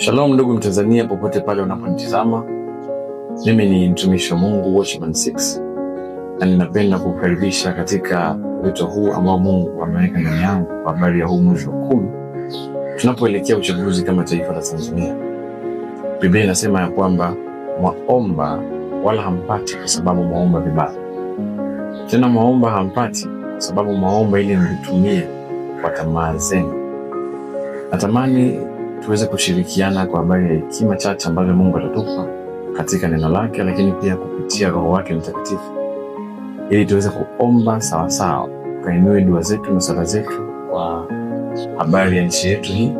Shalom ndugu Mtanzania, popote pale unaponitazama, mimi ni mtumishi wa Mungu Watchman 6 na ninapenda kukaribisha katika wito huu ambao Mungu ameweka ndani yangu kwa habari ya huu mwezi wa kumi tunapoelekea uchaguzi kama taifa la Tanzania. Biblia inasema ya kwamba mwaomba wala hampati, kwa sababu mwaomba vibaya. Tena mwaomba hampati, kwa sababu mwaomba ili mlitumie kwa tamaa zenu. Natamani tuweze kushirikiana kwa habari ya hekima chache ambavyo Mungu atatupa katika neno lake, lakini pia kupitia Roho wake Mtakatifu, ili tuweze kuomba sawasawa, kainue dua zetu na sala zetu kwa habari ya nchi yetu hii,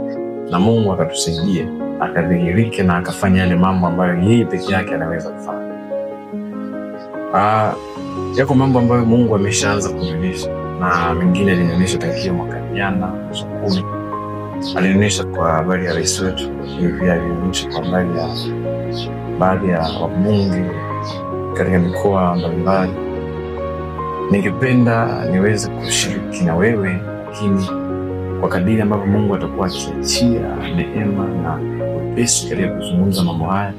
na Mungu akatusaidie akadhihirike na akafanya yale mambo ambayo yeye peke yake anaweza kufanya. Ah, yako mambo ambayo Mungu ameshaanza kunionyesha na mengine alinionyesha tangia mwaka jana kumi alionyesha kwa habari ya rais wetu, hivi alionyesha kwa habari ya baadhi ya wabunge katika mikoa mbalimbali. Ningependa niweze kushiriki na wewe, lakini kwa kadiri ambavyo Mungu atakuwa akiachia neema na upesi katika kuzungumza mambo haya,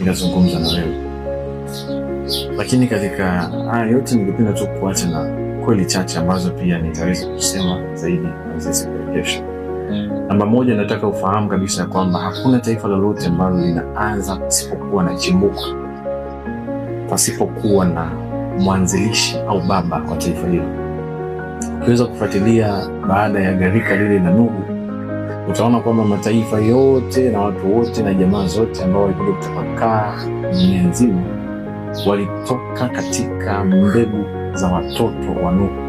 inazungumza na wewe. Lakini katika haya yote, ningependa tu kuacha na kweli chache ambazo pia nitaweza kusema zaidi na Namba moja, nataka ufahamu kabisa ya kwamba hakuna taifa lolote ambalo linaanza pasipokuwa na chimbuko, pasipokuwa na mwanzilishi au baba kwa taifa hilo. Ukiweza kufuatilia baada ya gharika lile la Nuhu, utaona kwamba mataifa yote na watu wote na jamaa zote ambao walikuja kutapakaa dunia nzima walitoka katika mbegu za watoto wa Nuhu.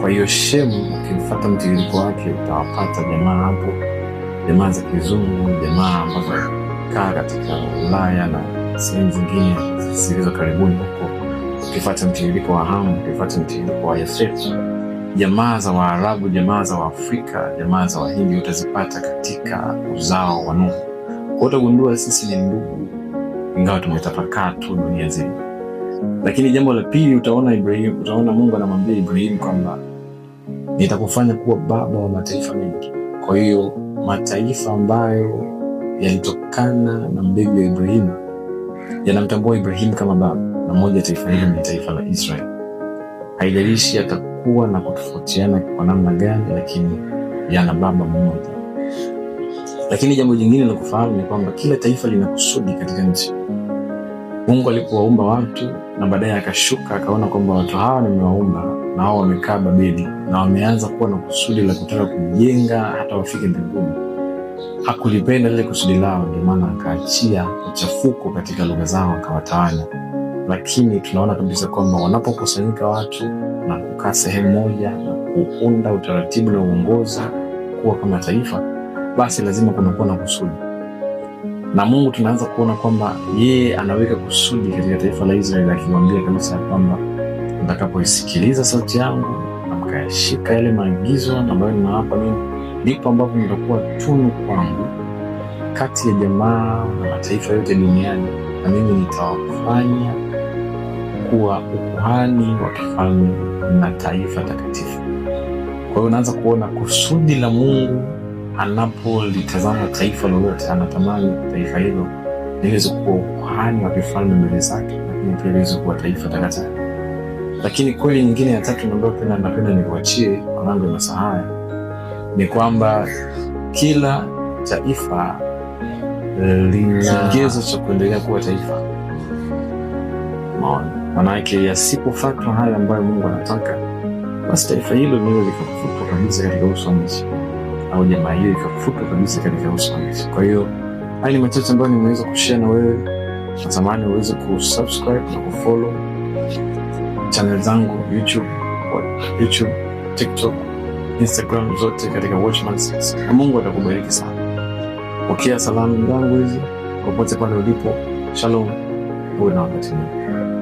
Kwa hiyo Shemu, ukimfata mtiririko wake utawapata jamaa hapo, jamaa za kizungu, jamaa ambazo kaa katika Ulaya na sehemu zingine zilizo karibuni huko, Ukifata mtiririko wa Hamu, ukifata mtiririko wa Yafeti, jamaa za Waarabu, jamaa za Waafrika, jamaa za Wahindi utazipata katika uzao wa Nuhu. Kwa utagundua sisi ni ndugu, ingawa tumetapakaa tu dunia zima. Lakini jambo la pili utaona Ibrahim, utaona Mungu anamwambia Ibrahim kwamba nitakufanya kuwa baba wa mataifa mengi. Kwa hiyo mataifa ambayo yalitokana na mbegu ya Ibrahimu yanamtambua Ibrahimu kama baba, na moja taifa hilo ni taifa la Israeli. Haijalishi yatakuwa na kutofautiana kwa namna gani, lakini yana baba mmoja. Lakini jambo jingine la kufahamu ni kwamba kila taifa lina kusudi katika nchi. Mungu alipowaumba watu na baadaye akashuka akaona kwamba watu hawa nimewaumba na wao wamekaa Babeli na wameanza kuwa na kusudi la kutaka kujenga hata wafike mbinguni. Hakulipenda lile kusudi lao, ndio maana akaachia uchafuko katika lugha zao akawatawanya. Lakini tunaona kabisa kwamba wanapokusanyika watu na kukaa sehemu moja na kuunda utaratibu na uongozi kuwa kama taifa, basi lazima kunakuwa na kusudi na Mungu tunaanza kuona kwamba yeye anaweka kusudi katika taifa la Israeli, akimwambia kabisa ya kwamba mtakapoisikiliza sauti yangu na mkayashika yale maagizo ambayo ninawapa mimi, ndipo ambapo mtakuwa tunu kwangu kati ya jamaa na mataifa yote duniani, na mimi nitawafanya kuwa ukuhani wa kifalme na taifa takatifu. Kwa hiyo unaanza kuona kusudi la Mungu anapolitazama taifa lolote, anatamani taifa hilo liweze kuwa ukuhani wa kifalme mbele zake, lakini pia liweze kuwa taifa takatifu. Lakini kweli nyingine ya tatu ambayo pia napenda nikuachie wanangu na haya ni kwamba kila taifa eh, lina kigezo cha kuendelea kuwa taifa, manake yasipofatwa haya ambayo Mungu anataka, basi taifa hilo linaweza likafutwa kabisa katika uso wa nchi au jamaa hiyo ikafutwa kabisa katika uso wa Yesu. Kwa hiyo haya ni machache ambayo nimeweza kushare na wewe. Natamani uweze kusubscribe na kufollow channel zangu YouTube, YouTube, TikTok, Instagram zote katika Watchman Six. Na Mungu atakubariki sana. Pokea salamu zangu hizi popote pale ulipo. Shalom, uwe na wakati mwema.